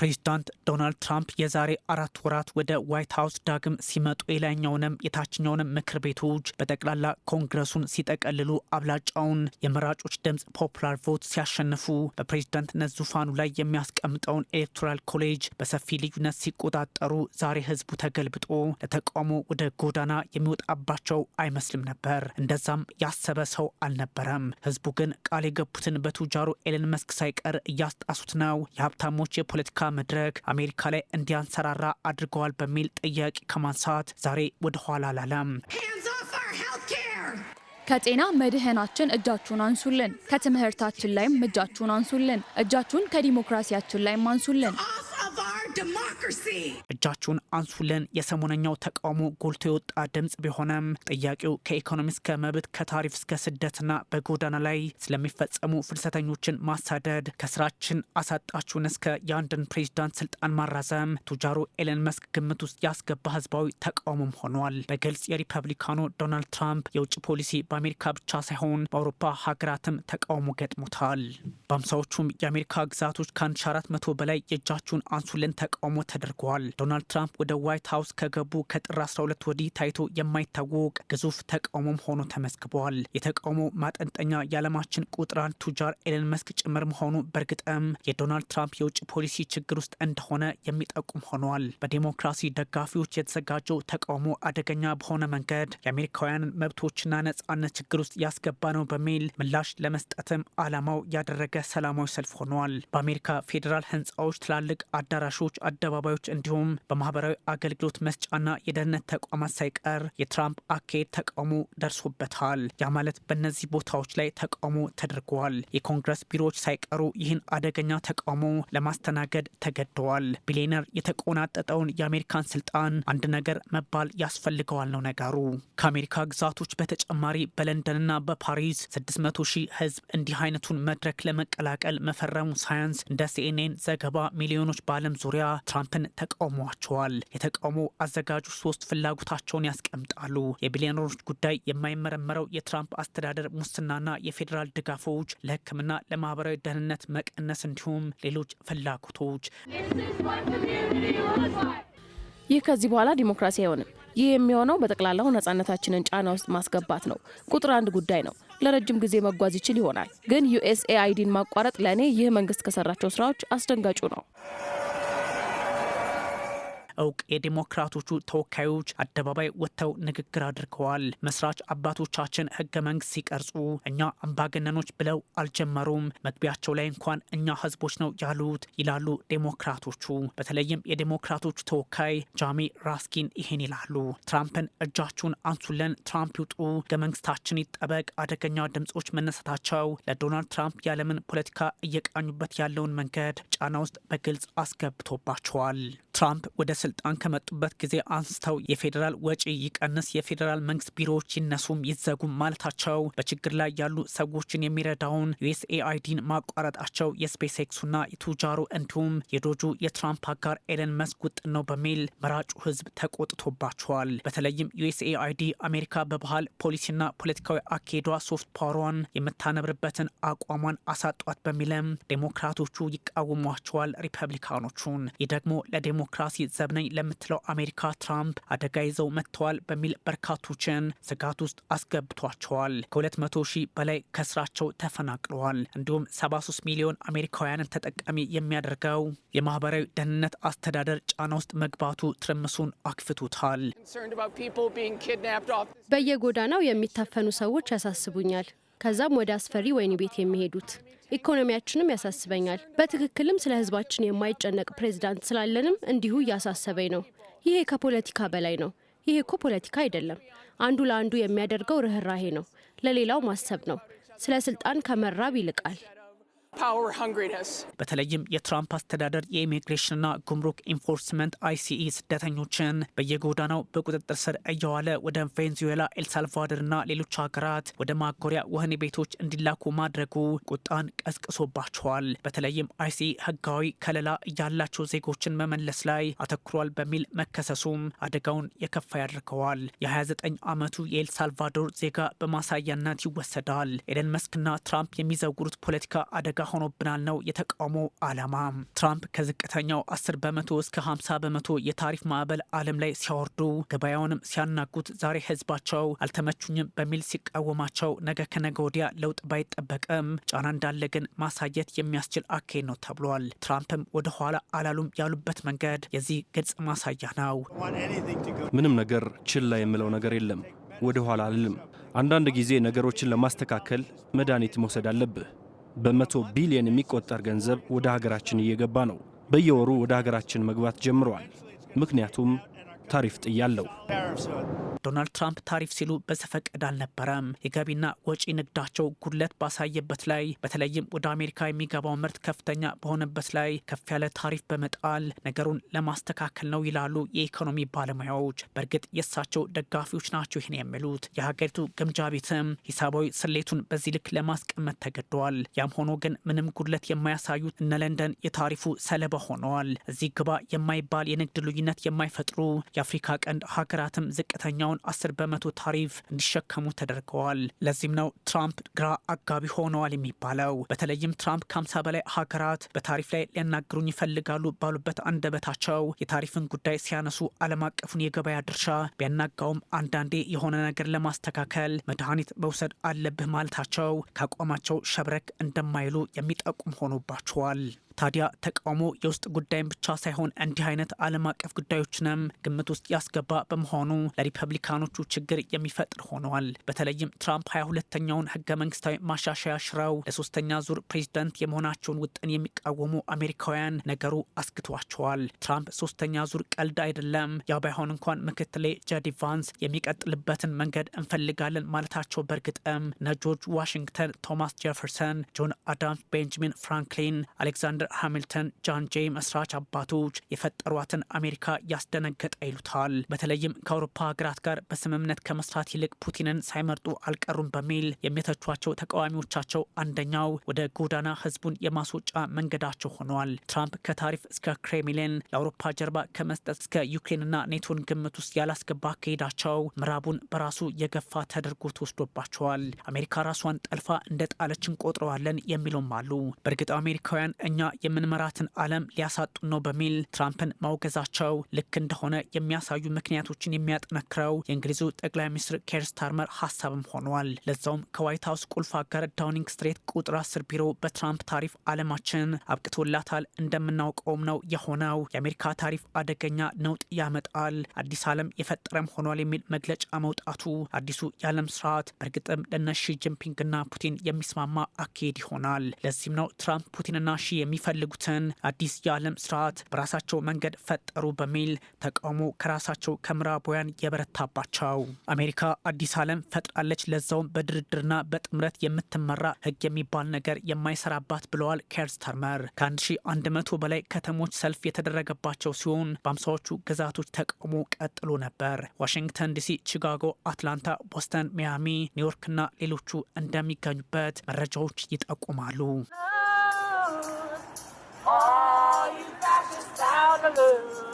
ፕሬዚዳንት ዶናልድ ትራምፕ የዛሬ አራት ወራት ወደ ዋይት ሀውስ ዳግም ሲመጡ የላይኛውንም የታችኛውንም ምክር ቤቶች በጠቅላላ ኮንግረሱን ሲጠቀልሉ አብላጫውን የመራጮች ድምፅ ፖፕላር ቮት ሲያሸንፉ በፕሬዚዳንትነት ዙፋኑ ላይ የሚያስቀምጠውን ኤሌክቶራል ኮሌጅ በሰፊ ልዩነት ሲቆጣጠሩ ዛሬ ህዝቡ ተገልብጦ ለተቃውሞ ወደ ጎዳና የሚወጣባቸው አይመስልም ነበር። እንደዛም ያሰበ ሰው አልነበረም። ህዝቡ ግን ቃል የገቡትን በቱጃሩ ኤለን መስክ ሳይቀር እያስጣሱት ነው። የሀብታሞች የፖለቲካ የፖለቲካ መድረክ አሜሪካ ላይ እንዲያንሰራራ አድርገዋል በሚል ጥያቄ ከማንሳት ዛሬ ወደኋላ አላለም። ከጤና መድህናችን እጃችሁን አንሱልን፣ ከትምህርታችን ላይም እጃችሁን አንሱልን፣ እጃችሁን ከዲሞክራሲያችን ላይም አንሱልን። እጃችሁን አንሱልን የሰሞነኛው ተቃውሞ ጎልቶ የወጣ ድምፅ ቢሆነም ጥያቄው ከኢኮኖሚ እስከ መብት፣ ከታሪፍ እስከ ስደትና በጎዳና ላይ ስለሚፈጸሙ ፍልሰተኞችን ማሳደድ፣ ከስራችን አሳጣችሁን እስከ የአንድን ፕሬዚዳንት ስልጣን ማራዘም ቱጃሩ ኤለን መስክ ግምት ውስጥ ያስገባ ህዝባዊ ተቃውሞም ሆኗል። በግልጽ የሪፐብሊካኑ ዶናልድ ትራምፕ የውጭ ፖሊሲ በአሜሪካ ብቻ ሳይሆን በአውሮፓ ሀገራትም ተቃውሞ ገጥሞታል። በአምሳዎቹም የአሜሪካ ግዛቶች ከ1400 በላይ የእጃችሁን አንሱልን ተቃውሞ ተደርገዋል። ዶናልድ ትራምፕ ወደ ዋይት ሀውስ ከገቡ ከጥር 12 ወዲህ ታይቶ የማይታወቅ ግዙፍ ተቃውሞም ሆኖ ተመዝግበዋል። የተቃውሞ ማጠንጠኛ የዓለማችን ቁጥር አንድ ቱጃር ኤለን መስክ ጭምር መሆኑ በእርግጥም የዶናልድ ትራምፕ የውጭ ፖሊሲ ችግር ውስጥ እንደሆነ የሚጠቁም ሆነዋል። በዲሞክራሲ ደጋፊዎች የተዘጋጀው ተቃውሞ አደገኛ በሆነ መንገድ የአሜሪካውያንን መብቶችና ነጻነት ችግር ውስጥ ያስገባ ነው በሚል ምላሽ ለመስጠትም ዓላማው ያደረገ ሰላማዊ ሰልፍ ሆነዋል። በአሜሪካ ፌዴራል ህንፃዎች ትላልቅ አዳራሾች ጎዳናዎች፣ አደባባዮች እንዲሁም በማህበራዊ አገልግሎት መስጫና የደህንነት ተቋማት ሳይቀር የትራምፕ አካሄድ ተቃውሞ ደርሶበታል። ያ ማለት በእነዚህ ቦታዎች ላይ ተቃውሞ ተደርገዋል። የኮንግረስ ቢሮዎች ሳይቀሩ ይህን አደገኛ ተቃውሞ ለማስተናገድ ተገደዋል። ቢሊዮነር የተቆናጠጠውን የአሜሪካን ስልጣን አንድ ነገር መባል ያስፈልገዋል ነው ነገሩ። ከአሜሪካ ግዛቶች በተጨማሪ በለንደንና በፓሪስ 600 ሺህ ህዝብ እንዲህ አይነቱን መድረክ ለመቀላቀል መፈረሙ ሳያንስ እንደ ሲኤንኤን ዘገባ ሚሊዮኖች በዓለም ዙሪያ ሩሲያ ትራምፕን ተቃውሟቸዋል። የተቃውሞ አዘጋጆች ሶስት ፍላጎታቸውን ያስቀምጣሉ። የቢሊዮነሮች ጉዳይ፣ የማይመረመረው የትራምፕ አስተዳደር ሙስናና የፌዴራል ድጋፎች ለሕክምና ለማህበራዊ ደህንነት መቀነስ እንዲሁም ሌሎች ፍላጎቶች። ይህ ከዚህ በኋላ ዲሞክራሲ አይሆንም። ይህ የሚሆነው በጠቅላላው ነጻነታችንን ጫና ውስጥ ማስገባት ነው። ቁጥር አንድ ጉዳይ ነው። ለረጅም ጊዜ መጓዝ ይችል ይሆናል፣ ግን ዩኤስኤአይዲን ማቋረጥ ለእኔ ይህ መንግስት ከሰራቸው ስራዎች አስደንጋጩ ነው። እውቅ የዴሞክራቶቹ ተወካዮች አደባባይ ወጥተው ንግግር አድርገዋል። መስራች አባቶቻችን ህገ መንግስት ሲቀርጹ እኛ አምባገነኖች ብለው አልጀመሩም። መግቢያቸው ላይ እንኳን እኛ ህዝቦች ነው ያሉት ይላሉ ዴሞክራቶቹ። በተለይም የዴሞክራቶቹ ተወካይ ጃሚ ራስኪን ይሄን ይላሉ። ትራምፕን እጃችሁን አንሱለን፣ ትራምፕ ይውጡ፣ ህገ መንግስታችን ይጠበቅ። አደገኛ ድምጾች መነሳታቸው ለዶናልድ ትራምፕ የዓለምን ፖለቲካ እየቃኙበት ያለውን መንገድ ጫና ውስጥ በግልጽ አስገብቶባቸዋል። ትራምፕ ወደ ስልጣን ከመጡበት ጊዜ አንስተው የፌዴራል ወጪ ይቀንስ፣ የፌዴራል መንግስት ቢሮዎች ይነሱም ይዘጉም ማለታቸው፣ በችግር ላይ ያሉ ሰዎችን የሚረዳውን ዩኤስኤአይዲን ማቋረጣቸው፣ የስፔስ ኤክሱና የቱጃሩ እንዲሁም የዶጁ የትራምፕ አጋር ኤለን መስክ ውጥን ነው በሚል መራጩ ህዝብ ተቆጥቶባቸዋል። በተለይም ዩኤስኤአይዲ አሜሪካ በባህል ፖሊሲና ፖለቲካዊ አካሄዷ ሶፍት ፓወሯን የምታነብርበትን አቋሟን አሳጧት በሚልም ዴሞክራቶቹ ይቃወሟቸዋል ሪፐብሊካኖቹን። ይህ ደግሞ ለዴሞክራሲ ዘብ ነኝ ለምትለው አሜሪካ ትራምፕ አደጋ ይዘው መጥተዋል በሚል በርካቶችን ስጋት ውስጥ አስገብቷቸዋል። ከ200 ሺህ በላይ ከስራቸው ተፈናቅለዋል። እንዲሁም 73 ሚሊዮን አሜሪካውያንን ተጠቃሚ የሚያደርገው የማህበራዊ ደህንነት አስተዳደር ጫና ውስጥ መግባቱ ትርምሱን አክፍቶታል። በየጎዳናው የሚታፈኑ ሰዎች ያሳስቡኛል። ከዛም ወደ አስፈሪ ወይን ቤት የሚሄዱት። ኢኮኖሚያችንም ያሳስበኛል። በትክክልም ስለ ህዝባችን የማይጨነቅ ፕሬዝዳንት ስላለንም እንዲሁ እያሳሰበኝ ነው። ይሄ ከፖለቲካ በላይ ነው። ይሄ እኮ ፖለቲካ አይደለም። አንዱ ለአንዱ የሚያደርገው ርኅራሄ ነው። ለሌላው ማሰብ ነው። ስለ ስልጣን ከመራብ ይልቃል። በተለይም የትራምፕ አስተዳደር የኢሚግሬሽንና ጉምሩክ ኢንፎርስመንት አይሲኢ ስደተኞችን በየጎዳናው በቁጥጥር ስር እየዋለ ወደ ቬንዙዌላ፣ ኤልሳልቫዶርና ሌሎች ሀገራት ወደ ማጎሪያ ወህኒ ቤቶች እንዲላኩ ማድረጉ ቁጣን ቀስቅሶባቸዋል። በተለይም አይሲኢ ህጋዊ ከለላ ያላቸው ዜጎችን መመለስ ላይ አተኩሯል በሚል መከሰሱም አደጋውን የከፋ ያደርገዋል። የ29 ዓመቱ የኤልሳልቫዶር ዜጋ በማሳያነት ይወሰዳል። ኤደን መስክና ትራምፕ የሚዘውሩት ፖለቲካ አደጋ ሆኖብናል ነው የተቃውሞ አላማ። ትራምፕ ከዝቅተኛው 10 በመቶ እስከ 50 በመቶ የታሪፍ ማዕበል ዓለም ላይ ሲያወርዱ ገበያውንም ሲያናጉት ዛሬ ህዝባቸው አልተመቹኝም በሚል ሲቃወማቸው ነገ ከነገ ወዲያ ለውጥ ባይጠበቅም ጫና እንዳለ ግን ማሳየት የሚያስችል አካሄድ ነው ተብሏል። ትራምፕም ወደ ኋላ አላሉም ያሉበት መንገድ የዚህ ግልጽ ማሳያ ነው። ምንም ነገር ችላ የምለው ነገር የለም፣ ወደ ኋላ አልልም። አንዳንድ ጊዜ ነገሮችን ለማስተካከል መድኃኒት መውሰድ አለብህ። በመቶ ቢሊዮን የሚቆጠር ገንዘብ ወደ ሀገራችን እየገባ ነው። በየወሩ ወደ ሀገራችን መግባት ጀምረዋል። ምክንያቱም ታሪፍ ጥያለው። ዶናልድ ትራምፕ ታሪፍ ሲሉ በዘፈቀድ አልነበረም። የገቢና ወጪ ንግዳቸው ጉድለት ባሳየበት ላይ በተለይም ወደ አሜሪካ የሚገባው ምርት ከፍተኛ በሆነበት ላይ ከፍ ያለ ታሪፍ በመጣል ነገሩን ለማስተካከል ነው ይላሉ የኢኮኖሚ ባለሙያዎች። በእርግጥ የእሳቸው ደጋፊዎች ናቸው ይህን የሚሉት። የሀገሪቱ ግምጃ ቤትም ሂሳባዊ ስሌቱን በዚህ ልክ ለማስቀመጥ ተገደዋል። ያም ሆኖ ግን ምንም ጉድለት የማያሳዩት እነ ለንደን የታሪፉ ሰለባ ሆነዋል። እዚህ ግባ የማይባል የንግድ ልዩነት የማይፈጥሩ የአፍሪካ ቀንድ ሀገራትም ዝቅተኛውን የሚሆነውን አስር በመቶ ታሪፍ እንዲሸከሙ ተደርገዋል። ለዚህም ነው ትራምፕ ግራ አጋቢ ሆነዋል የሚባለው። በተለይም ትራምፕ ከሀምሳ በላይ ሀገራት በታሪፍ ላይ ሊያናግሩኝ ይፈልጋሉ ባሉበት አንደበታቸው የታሪፍን ጉዳይ ሲያነሱ ዓለም አቀፉን የገበያ ድርሻ ቢያናጋውም አንዳንዴ የሆነ ነገር ለማስተካከል መድኃኒት መውሰድ አለብህ ማለታቸው ከአቋማቸው ሸብረክ እንደማይሉ የሚጠቁም ሆኖባቸዋል። ታዲያ ተቃውሞ የውስጥ ጉዳይን ብቻ ሳይሆን እንዲህ አይነት ዓለም አቀፍ ጉዳዮችንም ግምት ውስጥ ያስገባ በመሆኑ ለሪፐብሊካኖቹ ችግር የሚፈጥር ሆነዋል። በተለይም ትራምፕ ሀያ ሁለተኛውን ህገ መንግስታዊ ማሻሻያ ሽረው ለሶስተኛ ዙር ፕሬዚደንት የመሆናቸውን ውጥን የሚቃወሙ አሜሪካውያን ነገሩ አስግቷቸዋል። ትራምፕ ሶስተኛ ዙር ቀልድ አይደለም፣ ያ ባይሆን እንኳን ምክትሌ ጄዲ ቫንስ የሚቀጥልበትን መንገድ እንፈልጋለን ማለታቸው በእርግጥም እነ ጆርጅ ዋሽንግተን፣ ቶማስ ጄፈርሰን፣ ጆን አዳምስ፣ ቤንጃሚን ፍራንክሊን፣ አሌክዛንደር የአሌክሳንደር ሃሚልተን ጃን ጄይ መስራች አባቶች የፈጠሯትን አሜሪካ ያስደነገጠ ይሉታል። በተለይም ከአውሮፓ ሀገራት ጋር በስምምነት ከመስራት ይልቅ ፑቲንን ሳይመርጡ አልቀሩም በሚል የሚተቿቸው ተቃዋሚዎቻቸው አንደኛው ወደ ጎዳና ህዝቡን የማስወጫ መንገዳቸው ሆኗል። ትራምፕ ከታሪፍ እስከ ክሬምሊን ለአውሮፓ ጀርባ ከመስጠት እስከ ዩክሬንና ኔቶን ግምት ውስጥ ያላስገባ አካሄዳቸው ምዕራቡን በራሱ የገፋ ተደርጎ ተወስዶባቸዋል። አሜሪካ ራሷን ጠልፋ እንደ ጣለችን ቆጥረዋለን የሚለውም አሉ። በእርግጥ አሜሪካውያን እኛ የምንመራትን ዓለም ሊያሳጡን ነው በሚል ትራምፕን ማውገዛቸው ልክ እንደሆነ የሚያሳዩ ምክንያቶችን የሚያጠነክረው የእንግሊዙ ጠቅላይ ሚኒስትር ኬር ስታርመር ሀሳብም ሆኗል። ለዛውም ከዋይት ሀውስ ቁልፍ አጋር ዳውኒንግ ስትሬት ቁጥር አስር ቢሮ በትራምፕ ታሪፍ ዓለማችን አብቅቶላታል እንደምናውቀውም ነው የሆነው። የአሜሪካ ታሪፍ አደገኛ ነውጥ ያመጣል፣ አዲስ ዓለም የፈጠረም ሆኗል የሚል መግለጫ መውጣቱ አዲሱ የዓለም ስርዓት እርግጥም ለነ ሺ ጂንፒንግና ፑቲን የሚስማማ አካሄድ ይሆናል። ለዚህም ነው ትራምፕ ፑቲንና ሺ የሚ የሚፈልጉትን አዲስ የዓለም ስርዓት በራሳቸው መንገድ ፈጠሩ በሚል ተቃውሞ ከራሳቸው ከምዕራባውያን የበረታባቸው አሜሪካ አዲስ ዓለም ፈጥራለች፣ ለዛውም በድርድርና በጥምረት የምትመራ ህግ የሚባል ነገር የማይሰራባት ብለዋል ኬር ስታርመር። ከ1100 በላይ ከተሞች ሰልፍ የተደረገባቸው ሲሆን በአምሳዎቹ ግዛቶች ተቃውሞ ቀጥሎ ነበር። ዋሽንግተን ዲሲ፣ ቺካጎ፣ አትላንታ፣ ቦስተን፣ ሚያሚ፣ ኒውዮርክና ሌሎቹ እንደሚገኙበት መረጃዎች ይጠቁማሉ። love.